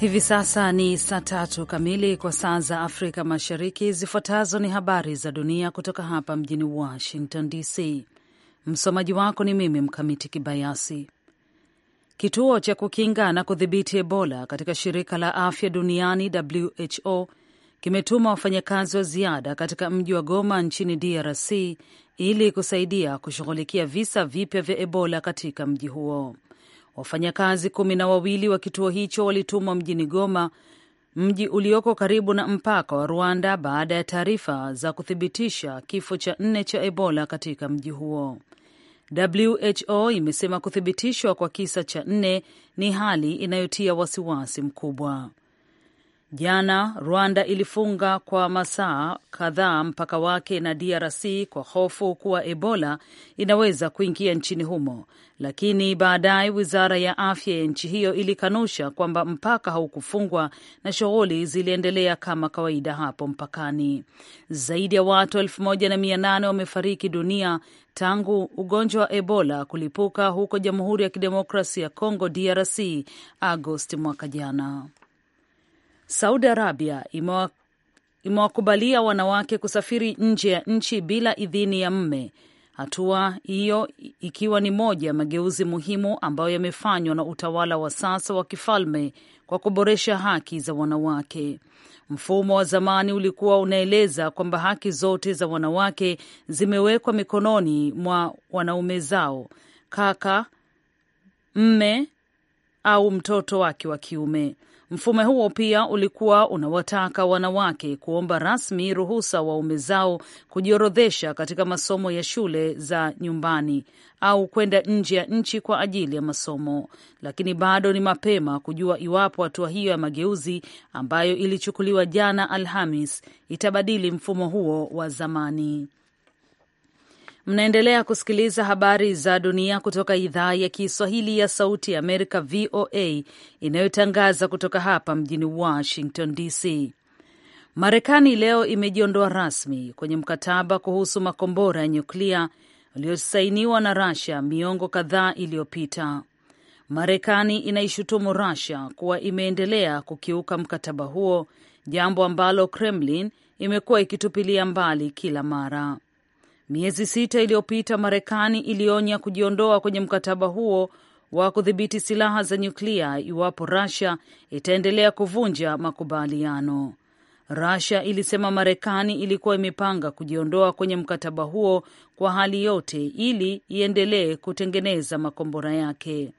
Hivi sasa ni saa tatu kamili kwa saa za Afrika Mashariki. Zifuatazo ni habari za dunia kutoka hapa mjini Washington DC. Msomaji wako ni mimi Mkamiti Kibayasi. Kituo cha kukinga na kudhibiti Ebola katika shirika la afya duniani WHO kimetuma wafanyakazi wa ziada katika mji wa Goma nchini DRC ili kusaidia kushughulikia visa vipya vya Ebola katika mji huo. Wafanyakazi kumi na wawili wa kituo hicho walitumwa mjini Goma, mji ulioko karibu na mpaka wa Rwanda, baada ya taarifa za kuthibitisha kifo cha nne cha Ebola katika mji huo. WHO imesema kuthibitishwa kwa kisa cha nne ni hali inayotia wasiwasi mkubwa. Jana Rwanda ilifunga kwa masaa kadhaa mpaka wake na DRC kwa hofu kuwa Ebola inaweza kuingia nchini humo, lakini baadaye wizara ya afya ya nchi hiyo ilikanusha kwamba mpaka haukufungwa na shughuli ziliendelea kama kawaida hapo mpakani. Zaidi ya watu elfu moja na mia nane wamefariki dunia tangu ugonjwa wa Ebola kulipuka huko Jamhuri ya Kidemokrasi ya congo DRC, Agosti mwaka jana. Saudi Arabia imewakubalia wanawake kusafiri nje ya nchi bila idhini ya mme, hatua hiyo ikiwa ni moja ya mageuzi muhimu ambayo yamefanywa na utawala wa sasa wa kifalme kwa kuboresha haki za wanawake. Mfumo wa zamani ulikuwa unaeleza kwamba haki zote za wanawake zimewekwa mikononi mwa wanaume zao, kaka, mme au mtoto wake wa kiume. Mfumo huo pia ulikuwa unawataka wanawake kuomba rasmi ruhusa waume zao kujiorodhesha katika masomo ya shule za nyumbani au kwenda nje ya nchi kwa ajili ya masomo, lakini bado ni mapema kujua iwapo hatua hiyo ya mageuzi ambayo ilichukuliwa jana Alhamis itabadili mfumo huo wa zamani. Mnaendelea kusikiliza habari za dunia kutoka idhaa ya Kiswahili ya Sauti ya Amerika, VOA, inayotangaza kutoka hapa mjini Washington DC. Marekani leo imejiondoa rasmi kwenye mkataba kuhusu makombora ya nyuklia uliosainiwa na Russia miongo kadhaa iliyopita. Marekani inaishutumu Russia kuwa imeendelea kukiuka mkataba huo, jambo ambalo Kremlin imekuwa ikitupilia mbali kila mara. Miezi sita iliyopita, Marekani ilionya kujiondoa kwenye mkataba huo wa kudhibiti silaha za nyuklia iwapo Russia itaendelea kuvunja makubaliano. Russia ilisema Marekani ilikuwa imepanga kujiondoa kwenye mkataba huo kwa hali yote ili iendelee kutengeneza makombora yake.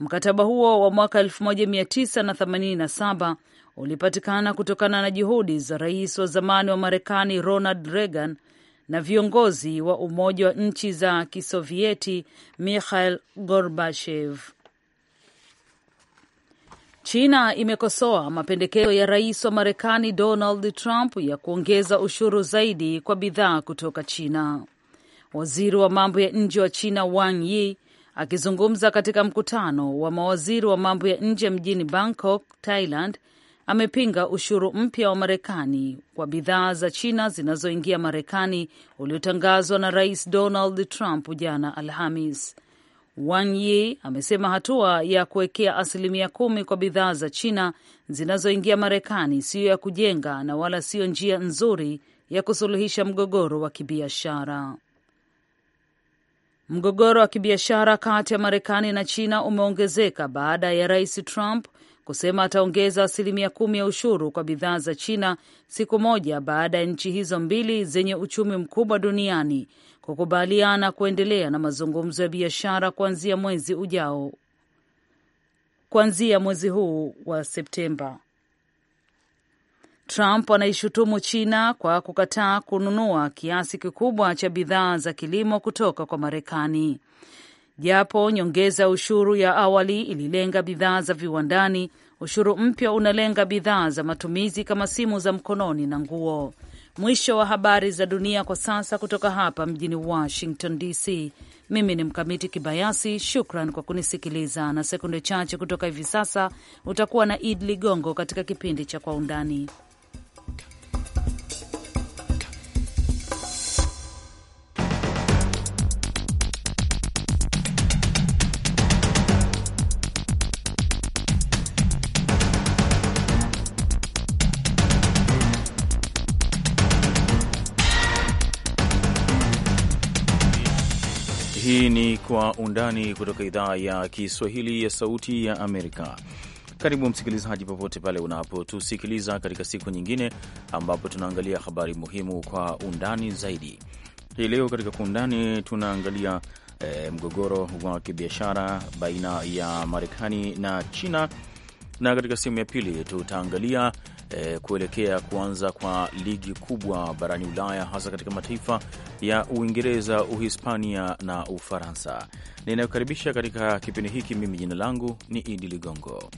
Mkataba huo wa mwaka 1987 ulipatikana kutokana na juhudi za rais wa zamani wa Marekani Ronald Reagan na viongozi wa Umoja wa Nchi za Kisovieti Mikhail Gorbachev. China imekosoa mapendekezo ya rais wa Marekani Donald Trump ya kuongeza ushuru zaidi kwa bidhaa kutoka China. Waziri wa mambo ya nje wa China Wang Yi akizungumza katika mkutano wa mawaziri wa mambo ya nje mjini Bangkok, Thailand, amepinga ushuru mpya wa Marekani kwa bidhaa za China zinazoingia Marekani uliotangazwa na Rais Donald Trump jana Alhamis. Wang Yi amesema hatua ya kuwekea asilimia kumi kwa bidhaa za China zinazoingia Marekani siyo ya kujenga na wala siyo njia nzuri ya kusuluhisha mgogoro wa kibiashara. Mgogoro wa kibiashara kati ya Marekani na China umeongezeka baada ya Rais Trump kusema ataongeza asilimia kumi ya ushuru kwa bidhaa za China siku moja baada ya nchi hizo mbili zenye uchumi mkubwa duniani kukubaliana kuendelea na mazungumzo ya biashara kuanzia mwezi ujao, kuanzia mwezi huu wa Septemba. Trump anaishutumu China kwa kukataa kununua kiasi kikubwa cha bidhaa za kilimo kutoka kwa Marekani. Japo nyongeza ya ushuru ya awali ililenga bidhaa za viwandani, ushuru mpya unalenga bidhaa za matumizi kama simu za mkononi na nguo. Mwisho wa habari za dunia kwa sasa, kutoka hapa mjini Washington DC. Mimi ni Mkamiti Kibayasi, shukran kwa kunisikiliza, na sekunde chache kutoka hivi sasa utakuwa na Id Ligongo katika kipindi cha Kwa Undani. Kwa Undani kutoka idhaa ya Kiswahili ya Sauti ya Amerika. Karibu msikilizaji, popote pale unapotusikiliza katika siku nyingine ambapo tunaangalia habari muhimu kwa undani zaidi. Hii leo katika Kwa Undani tunaangalia e, mgogoro wa kibiashara baina ya Marekani na China, na katika sehemu ya pili tutaangalia eh, kuelekea kuanza kwa ligi kubwa barani Ulaya, hasa katika mataifa ya Uingereza, Uhispania na Ufaransa. Ninayokaribisha katika kipindi hiki, mimi jina langu ni Idi Ligongo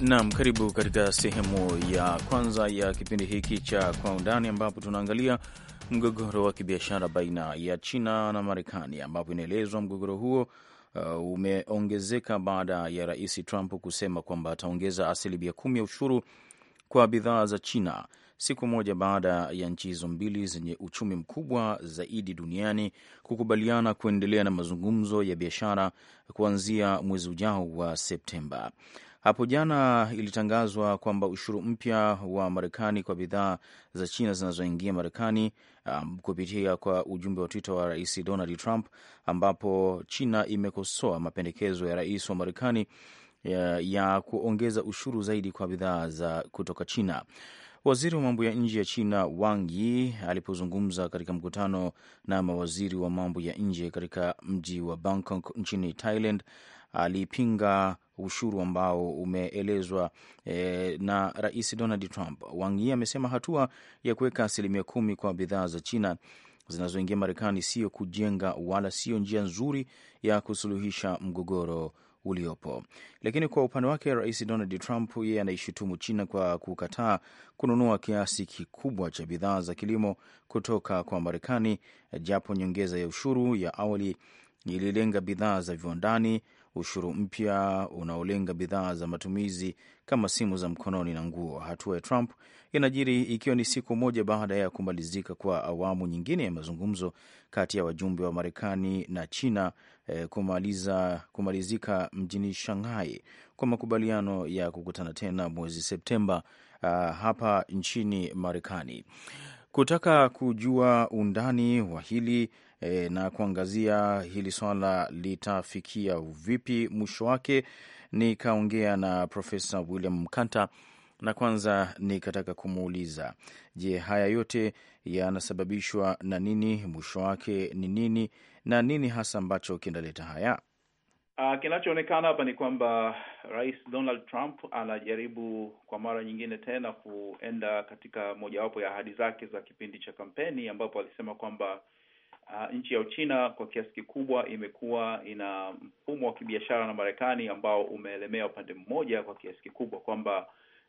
Naam, karibu katika sehemu ya kwanza ya kipindi hiki cha Kwa Undani, ambapo tunaangalia mgogoro wa kibiashara baina ya China na Marekani, ambapo inaelezwa mgogoro huo uh, umeongezeka baada ya Rais Trump kusema kwamba ataongeza asilimia kumi ya ushuru kwa bidhaa za China siku moja baada ya nchi hizo mbili zenye uchumi mkubwa zaidi duniani kukubaliana kuendelea na mazungumzo ya biashara kuanzia mwezi ujao wa Septemba. Hapo jana ilitangazwa kwamba ushuru mpya wa Marekani kwa bidhaa za China zinazoingia Marekani um, kupitia kwa ujumbe wa Twitter wa Rais Donald Trump, ambapo China imekosoa mapendekezo ya rais wa Marekani ya, ya kuongeza ushuru zaidi kwa bidhaa za kutoka China. Waziri wa mambo ya nje ya China Wang Yi alipozungumza katika mkutano na mawaziri wa mambo ya nje katika mji wa Bangkok nchini Thailand, alipinga ushuru ambao umeelezwa e, na Rais Donald Trump. Wang Yi amesema hatua ya kuweka asilimia kumi kwa bidhaa za China zinazoingia Marekani siyo kujenga wala siyo njia nzuri ya kusuluhisha mgogoro uliopo. Lakini kwa upande wake, Rais Donald Trump yeye anaishutumu China kwa kukataa kununua kiasi kikubwa cha bidhaa za kilimo kutoka kwa Marekani, japo nyongeza ya ushuru ya awali ililenga bidhaa za viwandani, ushuru mpya unaolenga bidhaa za matumizi kama simu za mkononi na nguo. Hatua ya Trump inajiri ikiwa ni siku moja baada ya kumalizika kwa awamu nyingine ya mazungumzo kati ya wajumbe wa Marekani na China eh, kumaliza, kumalizika mjini Shanghai kwa makubaliano ya kukutana tena mwezi Septemba ah, hapa nchini Marekani. Kutaka kujua undani wa hili e, na kuangazia hili swala litafikia vipi mwisho wake. Nikaongea na Profesa William Mkanta na kwanza nikataka kumuuliza, je, haya yote yanasababishwa na nini? Mwisho wake ni nini, na nini hasa ambacho kinaleta haya? Uh, kinachoonekana hapa ni kwamba Rais Donald Trump anajaribu kwa mara nyingine tena kuenda katika mojawapo ya ahadi zake za kipindi cha kampeni, ambapo alisema kwamba Uh, nchi ya Uchina kwa kiasi kikubwa imekuwa ina mfumo wa kibiashara na Marekani ambao umeelemea upande mmoja kwa kiasi kikubwa, kwamba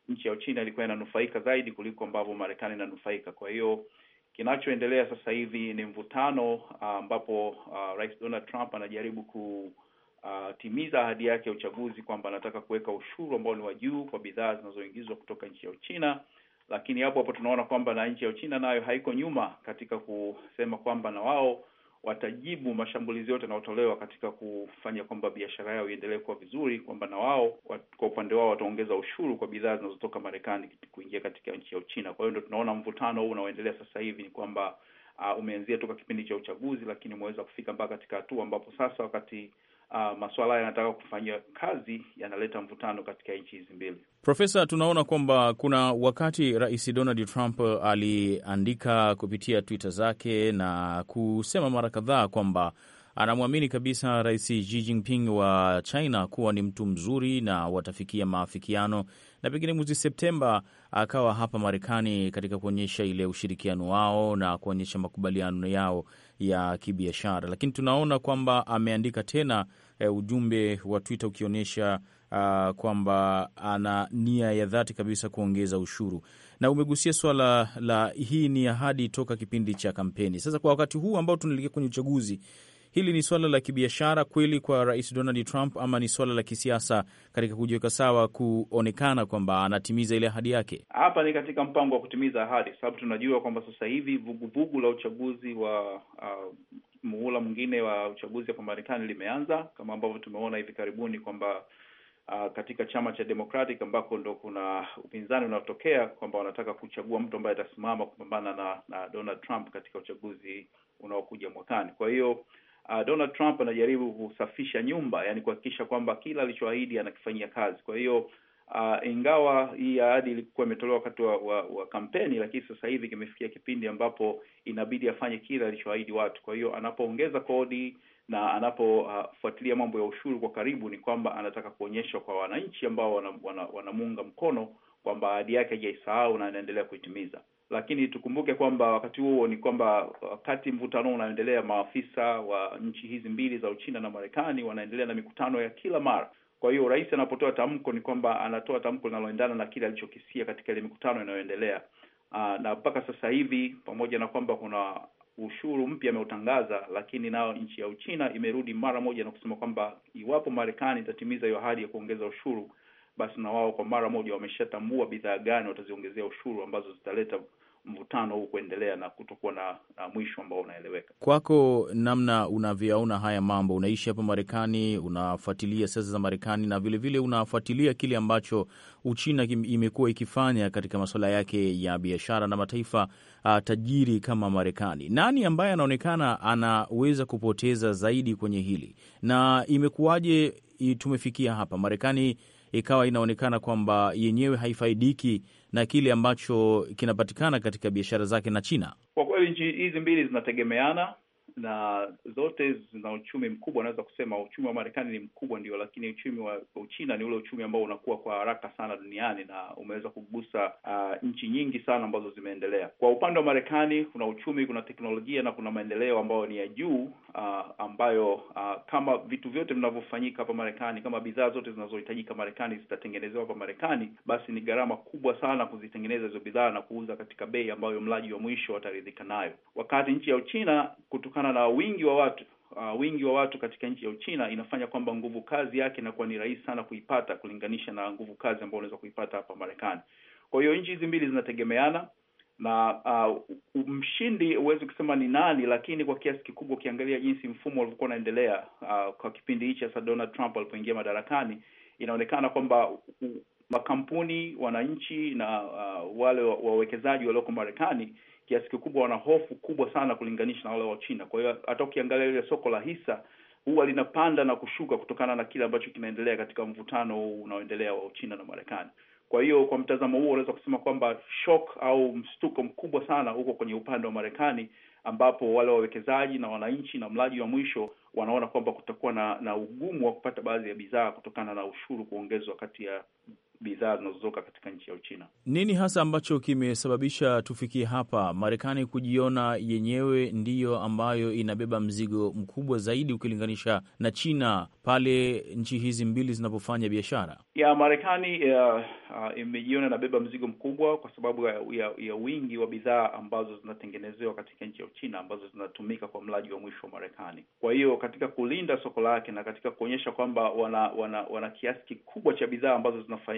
nchi ya Uchina ilikuwa inanufaika zaidi kuliko ambavyo Marekani inanufaika. Kwa hiyo kinachoendelea sasa hivi ni mvutano ah, ambapo uh, uh, Rais Donald Trump anajaribu kutimiza uh, ahadi yake ya uchaguzi kwamba anataka kuweka ushuru ambao ni wa juu kwa bidhaa zinazoingizwa kutoka nchi ya Uchina lakini hapo hapo tunaona kwamba na nchi ya Uchina nayo haiko nyuma katika kusema kwamba na wao watajibu mashambulizi yote yanayotolewa katika kufanya kwamba biashara yao iendelee kuwa vizuri, kwamba na wao kwa upande wao wataongeza ushuru kwa bidhaa zinazotoka Marekani kuingia katika nchi ya Uchina. Kwa hiyo ndio tunaona mvutano huu unaoendelea sasa hivi ni kwamba uh, umeanzia toka kipindi cha uchaguzi, lakini umeweza kufika mpaka katika hatua ambapo sasa wakati uh, ah, masuala yanataka kufanyia kazi yanaleta mvutano katika nchi hizi mbili. Profesa, tunaona kwamba kuna wakati Rais Donald Trump aliandika kupitia Twitter zake na kusema mara kadhaa kwamba anamwamini kabisa Rais Xi Jinping wa China kuwa ni mtu mzuri na watafikia maafikiano, na pengine mwezi Septemba akawa hapa Marekani katika kuonyesha ile ushirikiano wao na kuonyesha makubaliano yao ya kibiashara, lakini tunaona kwamba ameandika tena e, ujumbe wa Twitter ukionyesha uh, kwamba ana nia ya dhati kabisa kuongeza ushuru, na umegusia swala la hii ni ahadi toka kipindi cha kampeni. Sasa kwa wakati huu ambao tunaelekea kwenye uchaguzi hili ni suala la kibiashara kweli kwa Rais Donald Trump ama ni suala la kisiasa katika kujiweka sawa, kuonekana kwamba anatimiza ile ahadi yake? Hapa ni katika mpango wa kutimiza ahadi, kwa sababu tunajua kwamba sasa hivi vuguvugu la uchaguzi wa uh, muhula mwingine wa uchaguzi hapa Marekani limeanza kama ambavyo tumeona hivi karibuni kwamba Uh, katika chama cha Democratic ambako ndo kuna upinzani unaotokea kwamba wanataka kuchagua mtu ambaye atasimama kupambana na, na Donald Trump katika uchaguzi unaokuja mwakani. Kwa hiyo uh, Donald Trump anajaribu kusafisha nyumba, yani kuhakikisha kwamba kila alichoahidi anakifanyia kazi. Kwa hiyo uh, ingawa hii ahadi ilikuwa imetolewa wakati wa, wa, wa kampeni, lakini sasa hivi kimefikia kipindi ambapo inabidi afanye kila alichoahidi watu. Kwa hiyo anapoongeza kodi na anapofuatilia ah, uh, mambo ya ushuru kwa karibu, ni kwamba anataka kuonyesha kwa wananchi ambao wanamuunga wana, wana mkono kwamba ahadi yake haijaisahau na anaendelea kuitimiza lakini tukumbuke kwamba wakati huo ni kwamba uh, wakati mvutano unaendelea, maafisa wa nchi hizi mbili za Uchina na Marekani wanaendelea na mikutano ya kila mara. Kwa hiyo rais anapotoa tamko ni kwamba anatoa tamko linaloendana na kile alichokisia katika ile mikutano inayoendelea. Uh, na mpaka sasa hivi pamoja na kwamba kuna ushuru mpya ameutangaza, lakini nayo nchi ya Uchina imerudi mara moja na kusema kwamba iwapo Marekani itatimiza hiyo ahadi ya kuongeza ushuru, basi na wao kwa mara moja wameshatambua bidhaa gani wataziongezea ushuru ambazo zitaleta mvutano huu kuendelea na kutokuwa na, na mwisho ambao unaeleweka. Kwako, namna unavyoyaona haya mambo, unaishi hapa Marekani, unafuatilia siasa za Marekani na vilevile unafuatilia kile ambacho Uchina imekuwa ikifanya katika masuala yake ya biashara na mataifa uh, tajiri kama Marekani. Nani ambaye anaonekana anaweza kupoteza zaidi kwenye hili, na imekuwaje tumefikia hapa Marekani ikawa inaonekana kwamba yenyewe haifaidiki na kile ambacho kinapatikana katika biashara zake na China? Kwa kweli nchi hizi mbili zinategemeana na zote zina uchumi mkubwa. Unaweza kusema uchumi wa Marekani ni mkubwa, ndio, lakini uchumi wa Uchina ni ule uchumi ambao unakuwa kwa haraka sana duniani na umeweza kugusa uh, nchi nyingi sana ambazo zimeendelea. Kwa upande wa Marekani kuna uchumi, kuna teknolojia na kuna maendeleo ambayo ni ya juu uh, ambayo uh, kama vitu vyote vinavyofanyika hapa Marekani, kama bidhaa zote zinazohitajika Marekani zitatengenezewa hapa Marekani, basi ni gharama kubwa sana kuzitengeneza hizo bidhaa na kuuza katika bei ambayo mlaji wa mwisho ataridhika nayo, wakati nchi ya Uchina kutoka kutokana na wingi wa watu uh, wingi wa watu katika nchi ya Uchina inafanya kwamba nguvu kazi yake inakuwa ni rahisi sana kuipata kulinganisha na nguvu kazi ambayo unaweza kuipata hapa Marekani. Kwa hiyo nchi hizi mbili zinategemeana na uh, mshindi huwezi kusema ni nani, lakini kwa kiasi kikubwa ukiangalia jinsi mfumo ulivyokuwa unaendelea uh, kwa kipindi hichi hasa Donald Trump alipoingia madarakani, inaonekana kwamba makampuni, wananchi na uh, wale wawekezaji walioko Marekani kiasi kikubwa wana hofu kubwa sana kulinganisha na wale wa China. Kwa hiyo hata ukiangalia ile soko la hisa huwa linapanda na kushuka kutokana na kile ambacho kinaendelea katika mvutano huu unaoendelea wa China na Marekani. Kwa hiyo kwa mtazamo huo unaweza kusema kwamba shock au mshtuko mkubwa sana huko kwenye upande wa Marekani, ambapo wale wawekezaji na wananchi na mlaji wa mwisho wanaona kwamba kutakuwa na, na ugumu wa kupata baadhi ya bidhaa kutokana na ushuru kuongezwa kati ya bidhaa zinazotoka katika nchi ya Uchina. Nini hasa ambacho kimesababisha tufikie hapa, Marekani kujiona yenyewe ndiyo ambayo inabeba mzigo mkubwa zaidi ukilinganisha na China pale nchi hizi mbili zinapofanya biashara? Ya Marekani imejiona uh, imejiona inabeba mzigo mkubwa kwa sababu ya, ya, ya wingi wa bidhaa ambazo zinatengenezewa katika nchi ya Uchina ambazo zinatumika kwa mlaji wa mwisho wa Marekani. Kwa hiyo katika kulinda soko lake na katika kuonyesha kwamba wana, wana, wana kiasi kikubwa cha bidhaa ambazo zinafa,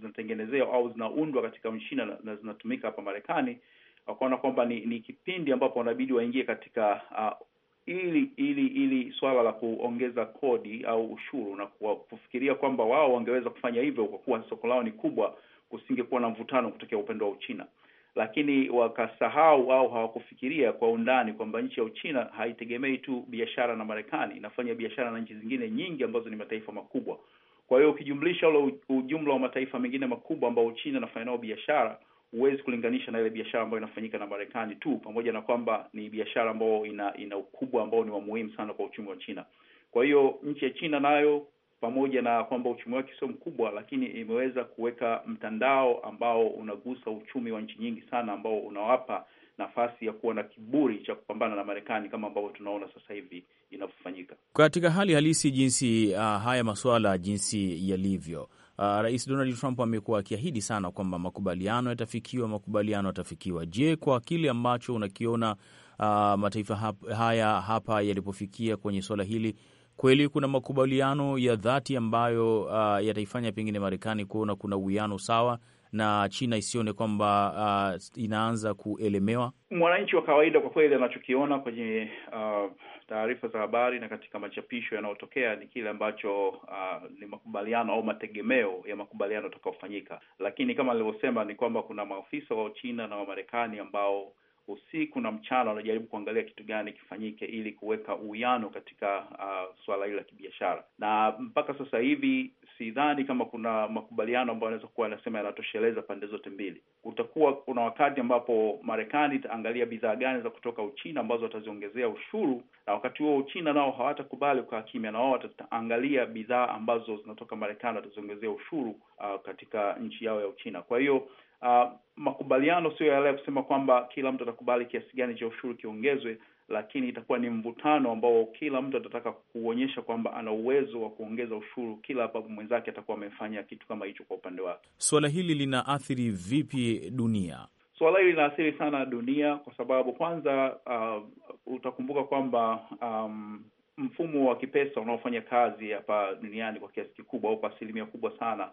zinatengenezewa au zinaundwa katika mshina na, na zinatumika hapa Marekani, wakaona kwamba ni, ni kipindi ambapo wanabidi waingie katika uh, ili ili ili swala la kuongeza kodi au ushuru na kufikiria kwamba wao wangeweza kufanya hivyo kwa kuwa soko lao ni kubwa, kusingekuwa na mvutano kutokea upande wa Uchina, lakini wakasahau au hawakufikiria kwa undani kwamba nchi ya Uchina haitegemei tu biashara na Marekani, inafanya biashara na nchi zingine nyingi ambazo ni mataifa makubwa. Kwa hiyo ukijumlisha ule ujumla wa mataifa mengine makubwa ambao Uchina anafanya nao biashara, huwezi kulinganisha na ile biashara ambayo inafanyika na Marekani tu, pamoja na kwamba ni biashara ambayo ina ina ukubwa ambao ni wa muhimu sana kwa uchumi wa China. Kwa hiyo nchi ya China nayo pamoja na kwamba uchumi wake sio mkubwa, lakini imeweza kuweka mtandao ambao unagusa uchumi wa nchi nyingi sana ambao unawapa nafasi ya kuwa na kiburi cha kupambana na Marekani kama ambavyo tunaona sasa hivi inavyofanyika katika hali halisi, jinsi uh, haya masuala jinsi yalivyo. Uh, Rais Donald Trump amekuwa akiahidi sana kwamba makubaliano yatafikiwa, makubaliano yatafikiwa. Je, kwa kile ambacho unakiona uh, mataifa hap, haya hapa yalipofikia kwenye suala hili, kweli kuna makubaliano ya dhati ambayo uh, yataifanya pengine Marekani kuona kuna uwiano sawa na China isione kwamba uh, inaanza kuelemewa? Mwananchi wa kawaida kwa kweli anachokiona kwenye uh, taarifa za habari na katika machapisho yanayotokea ni kile ambacho uh, ni makubaliano au mategemeo ya makubaliano yatakayofanyika, lakini kama alivyosema ni kwamba kuna maafisa wa China na Wamarekani ambao usiku na mchana wanajaribu kuangalia kitu gani kifanyike ili kuweka uwiano katika uh, suala hili la kibiashara, na mpaka sasa hivi sidhani kama kuna makubaliano ambayo anaweza kuwa anasema yanatosheleza pande zote mbili. Kutakuwa kuna wakati ambapo Marekani itaangalia bidhaa gani za kutoka Uchina ambazo wataziongezea ushuru, na wakati huo Uchina nao hawatakubali kwa kimya, na wao wataangalia bidhaa ambazo zinatoka Marekani wataziongezea ushuru uh, katika nchi yao ya Uchina. Kwa hiyo uh, makubaliano sio yale ya kusema kwamba kila mtu atakubali kiasi gani cha ushuru kiongezwe, lakini itakuwa ni mvutano ambao kila mtu atataka kuonyesha kwamba ana uwezo wa kuongeza ushuru kila ambapo mwenzake atakuwa amefanya kitu kama hicho kwa upande wake. Suala hili linaathiri vipi dunia? Suala hili linaathiri sana dunia kwa sababu kwanza, uh, utakumbuka kwamba um, mfumo wa kipesa unaofanya kazi hapa duniani kwa kiasi kikubwa au kwa asilimia kubwa sana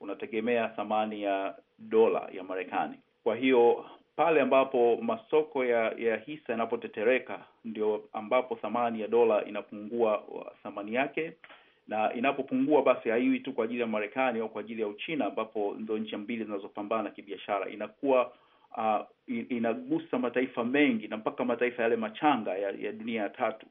unategemea thamani ya dola ya Marekani. Kwa hiyo pale ambapo masoko ya, ya hisa yanapotetereka ndio ambapo thamani ya dola inapungua uh, thamani yake, na inapopungua basi haiwi tu kwa ajili ya Marekani au kwa ajili ya Uchina ambapo ndo nchi mbili zinazopambana kibiashara, inakuwa uh, inagusa mataifa mengi na mpaka mataifa yale machanga ya, ya dunia ya tatu.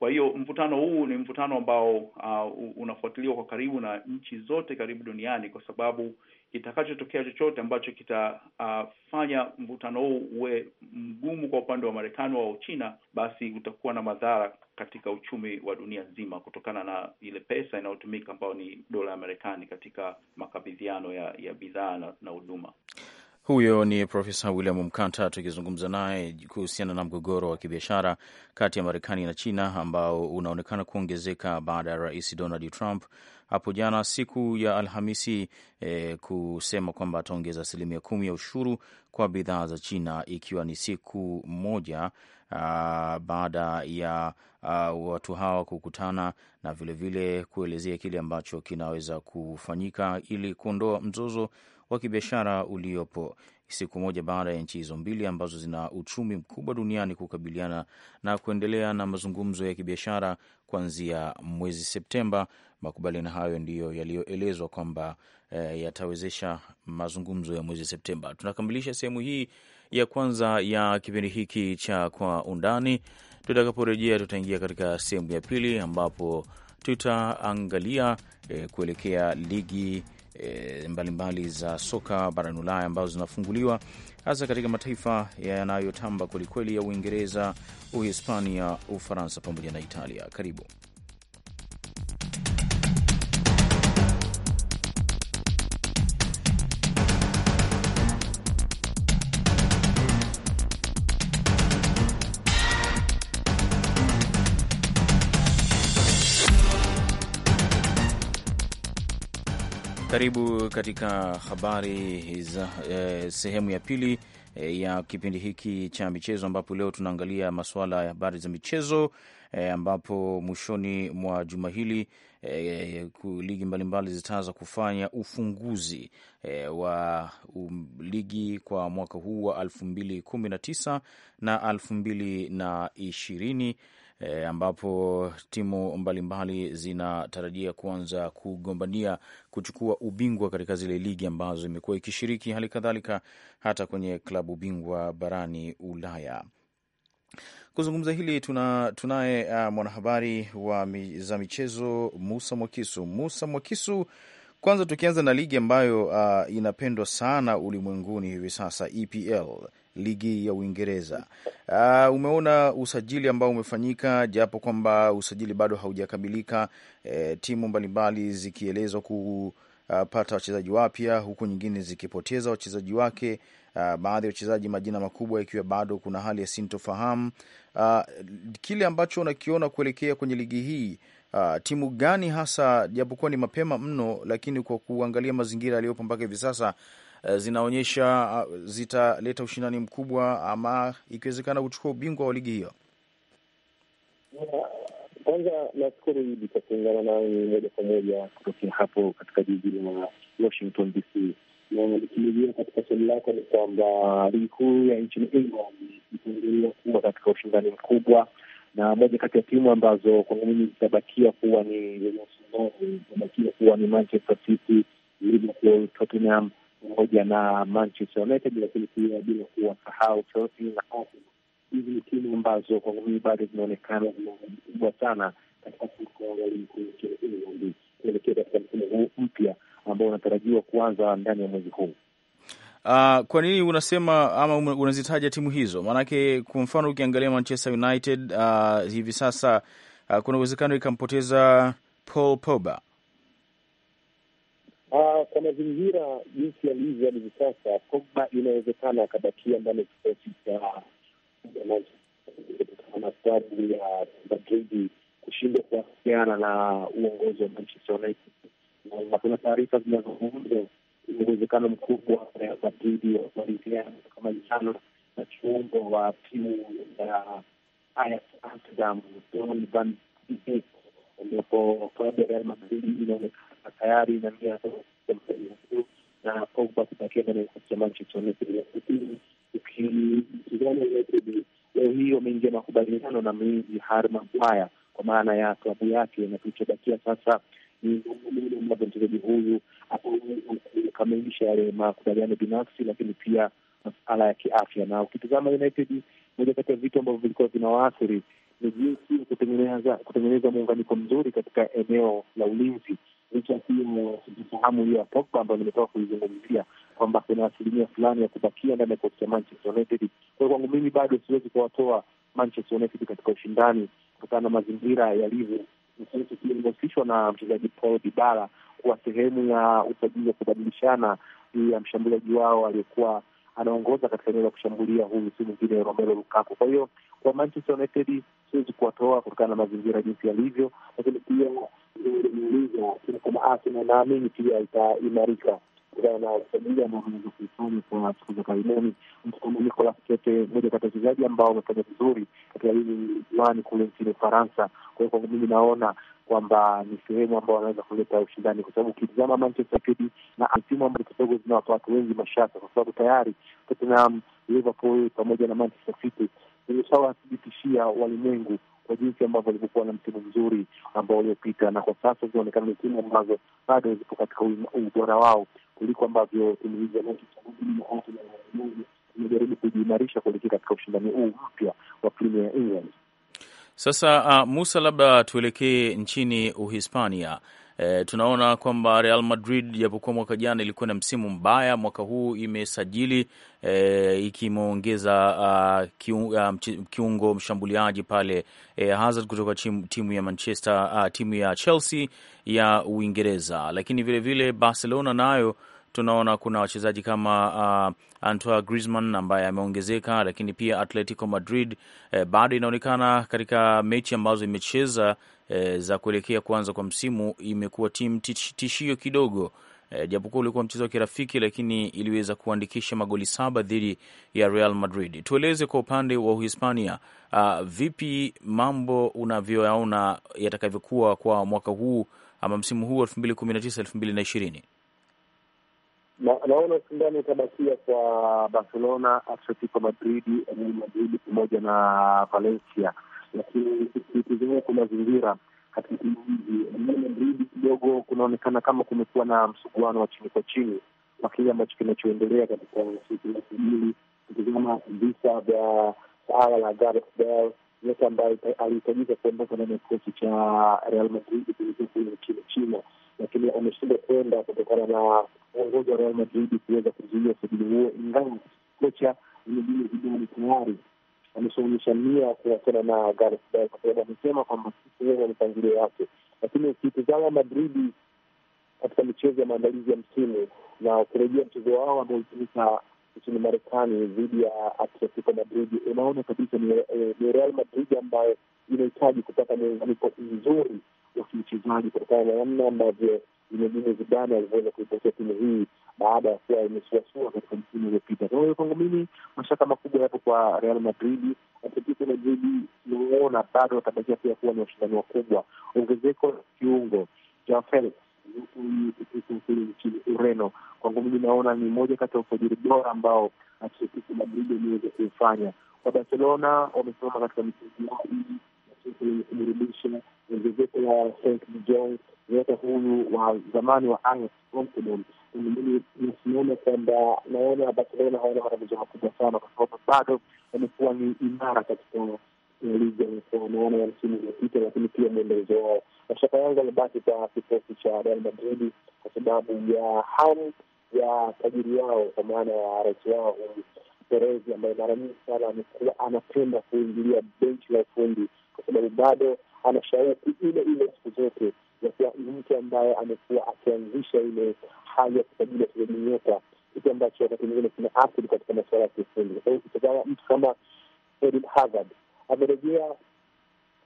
Kwa hiyo mvutano huu ni mvutano ambao uh, unafuatiliwa kwa karibu na nchi zote karibu duniani, kwa sababu kitakachotokea chochote ambacho kitafanya uh, mvutano huu uwe mgumu kwa upande wa Marekani au China, basi utakuwa na madhara katika uchumi wa dunia nzima, kutokana na ile pesa inayotumika ambayo ni dola ya Marekani katika makabidhiano ya, ya bidhaa na huduma. Huyo ni Profesa William Mkanta tukizungumza naye kuhusiana na mgogoro wa kibiashara kati ya Marekani na China ambao unaonekana kuongezeka baada ya Rais Donald Trump hapo jana siku ya Alhamisi e, kusema kwamba ataongeza asilimia kumi ya ushuru kwa bidhaa za China ikiwa ni siku moja a, ah, baada ya a, ah, watu hawa kukutana na vilevile kuelezea kile ambacho kinaweza kufanyika ili kuondoa mzozo wa kibiashara uliopo siku moja baada ya nchi hizo mbili ambazo zina uchumi mkubwa duniani kukabiliana na kuendelea na mazungumzo ya kibiashara kuanzia mwezi Septemba. Makubaliano hayo ndiyo yaliyoelezwa kwamba e, yatawezesha mazungumzo ya mwezi Septemba. Tunakamilisha sehemu hii ya kwanza ya kipindi hiki cha Kwa Undani. Tutakaporejea tutaingia katika sehemu ya pili ambapo tutaangalia e, kuelekea ligi e, mbalimbali za soka barani Ulaya ambazo zinafunguliwa hasa katika mataifa yanayotamba kwelikweli ya Uingereza, Uhispania, Ufaransa pamoja na Italia. Karibu. Karibu katika habari za eh, sehemu ya pili eh, ya kipindi hiki cha michezo, ambapo leo tunaangalia masuala ya habari za michezo eh, ambapo mwishoni mwa juma hili eh, ligi mbalimbali zitaanza kufanya ufunguzi eh, wa um, ligi kwa mwaka huu wa elfu mbili kumi na tisa na elfu mbili na ishirini e, ambapo timu mbalimbali zinatarajia kuanza kugombania kuchukua ubingwa katika zile ligi ambazo imekuwa ikishiriki, hali kadhalika hata kwenye klabu bingwa barani Ulaya. Kuzungumza hili tuna tunaye uh, mwanahabari wa za michezo Musa Mwakisu. Musa Mwakisu, kwanza tukianza na ligi ambayo uh, inapendwa sana ulimwenguni hivi sasa, EPL ligi ya Uingereza. Uh, umeona usajili ambao umefanyika, japo kwamba usajili bado haujakamilika, e, timu mbalimbali zikielezwa kupata wachezaji wapya, huku nyingine zikipoteza wachezaji wake. Uh, baadhi ya wachezaji majina makubwa ikiwa bado kuna hali ya sintofahamu. Uh, kile ambacho unakiona kuelekea kwenye ligi hii Uh, timu gani hasa, japokuwa ni mapema mno, lakini kwa kuangalia mazingira yaliyopo mpaka hivi sasa Eh, zinaonyesha eh, zitaleta ushindani mkubwa ama ikiwezekana kuchukua ubingwa wa ligi hiyo? Kwanza nashukuru hili kuungana nayo moja kwa moja kutokea hapo katika jiji la Washington DC. Nikirejea katika swali lako, ni kwamba ligi kuu ya nchini England ikiendelea kuwa katika ushindani mkubwa, na moja kati ya timu ambazo kwangu mimi zitabakia kuwa ni zenye ushindani zitabakia kuwa ni Manchester City, Liverpool, Tottenham pamoja na Manchester United, lakini pia bila kuwasahau Chelsea na Arsenal. Hizi ni timu ambazo kwa mimi bado zinaonekana zina nguvu kubwa sana katika soka ligi kuu kuelekea katika msimu huu mpya ambao unatarajiwa kuanza ndani ya mwezi huu. Uh, kwa nini unasema ama unazitaja timu hizo? Maanake kwa mfano ukiangalia Manchester United uh, hivi sasa uh, kuna uwezekano ikampoteza Paul Pogba kwa mazingira jinsi yalivyo hadi hivi sasa, Pogba inawezekana akabakia ndani ya kikosi cha kutokana ya Madridi kushindwa kuwasiliana na uongozi wa Manchester United, na kuna taarifa zinazozungumza uwezekano mkubwa ya Madridi wamaliziana kama jana na kiungo wa timu ya Ajax Amsterdam Donny van de Beek, ambapo klabu ya Real Madrid inaonekana tayari na nia ya hii wameingia makubaliano na mlinzi Harry Maguire kwa maana ya klabu yake, na kilichobakia sasa ni ambavyo mchezaji huyu ataweza kukamilisha yale makubaliano binafsi, lakini pia masala ya kiafya. Na ukitizama United, moja kati ya vitu ambavyo vilikuwa vinawaathiri ni jinsi kutengeneza kutengeneza muunganiko mzuri katika eneo la ulinzi licha hiyo sikifahamu hiyo ya Pogba ambayo nimetoka kuizungumzia kwamba kuna asilimia fulani ya kubakia ndani ya kikosi cha Manchester United. Kwa kwangu mimi bado siwezi kuwatoa Manchester United katika ushindani kutokana na mazingira yalivyo, hususi pia imehusishwa na mchezaji Paul Dybala kuwa sehemu ya usajili wa kubadilishana juu ya mshambuliaji wao aliyekuwa anaongoza katika eneo la kushambulia, huyu si mwingine Romelu Lukaku. Kwa hiyo kwa Manchester United siwezi kuwatoa kutokana na mazingira jinsi yalivyo, lakini pia kama Arsenal naamini pia itaimarika anasajili ambao anaweza kuifanya kwa siku za karibuni, mtu Nicolas Pepe, moja kati ya wachezaji ambao wamefanya vizuri katika hili juani kule nchini Ufaransa. Kwa hiyo kwangu mimi naona kwamba ni sehemu ambao wanaweza kuleta ushindani, kwa sababu ukitizama Manchester City na timu ambazo kidogo zinawapa watu wengi mashaka, kwa sababu tayari Tottenham, Liverpool pamoja na Manchester City imeshawahibitishia walimwengu kwa jinsi ambavyo walivyokuwa na msimu mzuri ambao uliopita, na kwa sasa zinaonekana ni timu ambazo bado zipo katika ubora wao kuliko ambavyo tumejaribu kujiimarisha kuelekea katika ushindani huu mpya wa Premier ya England. Sasa uh, Musa, labda tuelekee nchini Uhispania. E, tunaona kwamba Real Madrid japokuwa mwaka jana ilikuwa na msimu mbaya, mwaka huu imesajili e, ikimwongeza uh, kiun, uh, kiungo mshambuliaji pale e, Hazard kutoka timu ya Manchester uh, timu ya Chelsea ya Uingereza, lakini vilevile vile Barcelona nayo na tunaona kuna wachezaji kama uh, Antoine Griezmann ambaye ameongezeka, lakini pia Atletico Madrid eh, bado inaonekana katika mechi ambazo imecheza eh, za kuelekea kuanza kwa msimu imekuwa timu tish, tishio kidogo eh, japokuwa ulikuwa mchezo wa kirafiki, lakini iliweza kuandikisha magoli saba dhidi ya Real Madrid. Tueleze kwa upande wa Uhispania, uh, vipi mambo unavyoyaona yatakavyokuwa kwa mwaka huu ama msimu huu elfu mbili kumi na tisa elfu mbili na ishirini na, naona ushindani utabakia kwa Barcelona, Atletico Madrid, Real Madrid pamoja na Valencia, lakini ukitizama kwa mazingira katika timu hizi Madrid kidogo kunaonekana kama kumekuwa na msuguano wa chini kwa chini kwa kile ambacho kinachoendelea katika siku za sabini. Ukitizama visa vya sala la Gareth Bale yote ambayo alihitajika kuondoka ndani ya kikosi cha Real Madrid kilichokuwa nchini China, lakini ameshindwa kwenda kutokana na uongozi wa Real Madrid kuweza kuzuia usajili huo, ingawa kocha Zinedine Zidane tayari ameshaonyesha nia kuachana na Gareth Bale kwa sababu amesema kwamba sikuona mipangilio yake, lakini ukitizama Madridi katika michezo ya maandalizi ya msimu na kurejea mchezo wao ambao ulitumika nchini Marekani dhidi ya Atletico Madrid, unaona kabisa ni, eh, ni Real Madrid ambayo inahitaji kupata muunganiko mzuri wa kiuchezaji kutokana na namna ambavyo Zinedine Zidane alivyoweza kuipatia timu hii baada ya kuwa imesuasua katika msimu uliopita. Kwa hiyo kwangu mimi mashaka makubwa yapo kwa Real Madrid. Atletico Madrid inaona bado watabakia pia kuwa ni washindani wakubwa. Ongezeko la kiungo Joao Felix kule nchini Ureno. Kwangu mimi naona ni moja kati ya usajili bora ambao Atletico Madrid kuufanya. Kwa Barcelona wamesimama katika michezo yao ili kurudisha ongezeko la Frank de Jong, nyota huyu wa zamani wa Ajax Amsterdam. Mimi nasimama kwamba naona Barcelona hawana matatizo makubwa sana, kwa sababu bado wamekuwa ni imara katika ligi ya maana ya msimu uliopita, lakini pia mwendelezo wao. Mashaka yangu amebaki kwa kikosi cha Real Madrid kwa sababu ya hamu ya tajiri wao, kwa maana ya rais wao Perez, ambaye mara nyingi sana amekuwa anapenda kuingilia benchi la ufundi, kwa sababu bado ana shauku ile ile siku zote ya kuwa ni mtu ambaye amekuwa akianzisha ile hali ya kusajili wachezaji nyota, kitu ambacho wakati mwingine kina athiri katika masuala ya kiufundi, kwa sababu ukitazama mtu kama Eden Hazard amerejea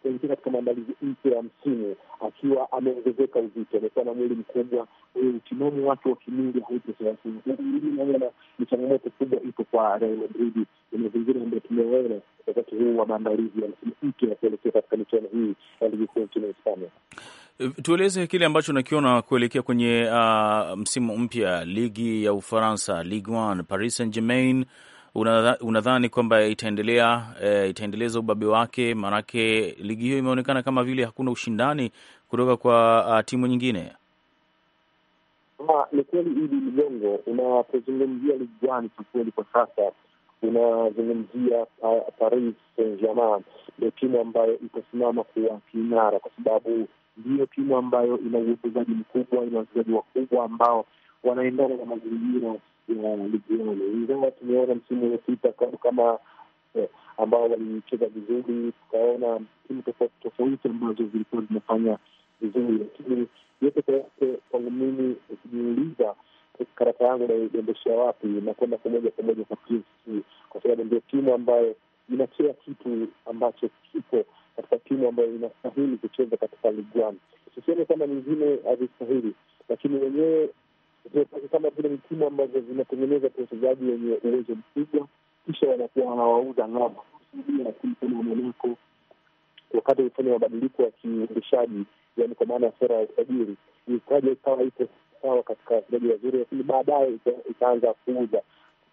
kuingia katika maandalizi mpya ya msimu akiwa ameongezeka uzito, amekuwa na mwili mkubwa. Utimamu wake wa kimwili haupo sawasawa, ni changamoto kubwa ipo kwa Real Madrid. Ni mazingira ambayo tumeona wakati huu wa maandalizi ya msimu mpya ya kuelekea katika michuano hii ya ligi kuu nchini Hispania. Eh, tueleze kile ambacho nakiona kuelekea kwenye uh, msimu mpya ligi ya Ufaransa, Ligue 1 Paris Saint Germain unadhani kwamba itaendelea e, itaendeleza ubabe wake? Maanake ligi hiyo imeonekana kama vile hakuna ushindani kutoka kwa a, ah, timu nyingine. Ah, ni kweli hili Ligongo, unapozungumzia ligi gani kiukweli kwa sasa unazungumzia ah, Paris Saint Germain, ndio timu ambayo itasimama kuwa king'ara, kwa sababu ndiyo timu ambayo ina uwekezaji mkubwa, ina wachezaji wakubwa ambao wanaendana na mazingira ya ligi ingawa tumeona msimu uliopita kama eh, ambao walicheza vizuri, tukaona timu tofauti tofauti ambazo zilikuwa zinafanya vizuri, lakini yote kwa yote, kwangu mimi, ukijiuliza karata yangu naidondeshea wapi, nakwenda kwa moja kwa moja kwa PSG, kwa sababu ndio timu ambayo ina kila kitu ambacho kipo katika timu ambayo inastahili kucheza katika ligi. Siseme kama nyingine hazistahili, lakini wenyewe kama vile mtimu ambazo zinatengeneza wachezaji wenye uwezo mkubwa, kisha wanakuwa wanawauza ng'ama kama wakati ufanya mabadiliko ya kiuendeshaji, yani kwa maana ya sera ya usajili, ikaja ikawa ipo sawa katika wachezaji wazuri, lakini baadaye ikaanza kuuza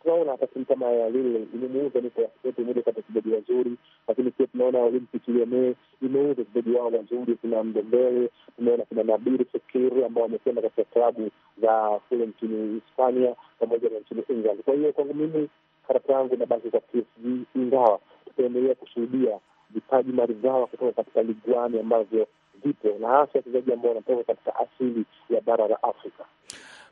tunaona hata timu kama ya Lille imemuuza Nicolas Pepe, moja kati wachezaji wazuri, lakini pia tunaona Olympique Lyonnais imeuza wachezaji wao wazuri. Kuna Mdombele, tumeona kuna Nabil Fekir ambao wamesema katika klabu za kule nchini Hispania pamoja na nchini England. Kwa hiyo kwangu mimi karata yangu inabaki za PSG, ingawa tutaendelea kushuhudia vipaji maridhawa kutoka katika liguani ambavyo vipo na hasa wachezaji ambao wanatoka katika asili ya bara la Afrika.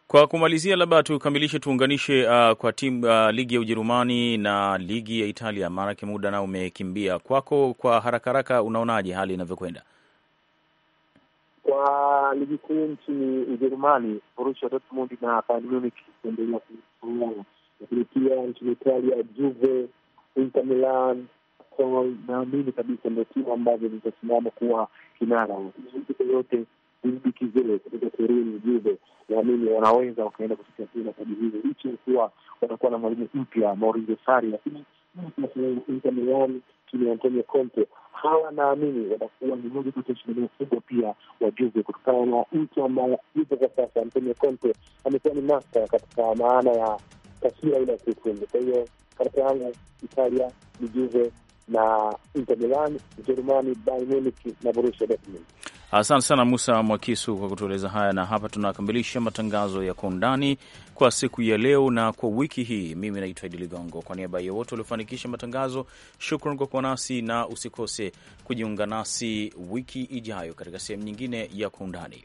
Kwa kumalizia, labda tukamilishe, tuunganishe uh, kwa timu uh, ligi ya Ujerumani na ligi ya Italia, maanake muda nao umekimbia. Kwako kwa haraka haraka, unaonaje hali inavyokwenda kwa ligi kuu nchini Ujerumani? Borussia Dortmund na Bayern Munich kuendelea lakini pia nchini Italia Juve, Inter Milan naamini kabisa ndio timu ambazo zitasimama kuwa kinara yote zilibiki zile katika kuruni zile, waamini wanaweza wakaenda kutetea tena taji hizo, licha ya kuwa watakuwa na mwalimu mpya Maurizio Sari, lakini Inter Milan chini ya Antonio Conte hawa naamini watakuwa ni moja kati ya shindania kubwa pia wa Juve, kutokana na mtu ambaye yupo kwa sasa. Antonio Conte amekuwa ni masta katika maana ya taswira ile ya kiufundi. Kwa hiyo karata yangu Italia ni Juve na Inter Milan, Ujerumani Bayern Munich na Borussia Dortmund. Asante sana Musa Mwakisu kwa kutueleza haya, na hapa tunakamilisha matangazo ya Kwa Undani kwa siku ya leo na kwa wiki hii. Mimi naitwa Idi Ligongo, kwa niaba ya wote waliofanikisha matangazo, shukran kwa kuwa nasi na usikose kujiunga nasi wiki ijayo katika sehemu nyingine ya Kwa Undani.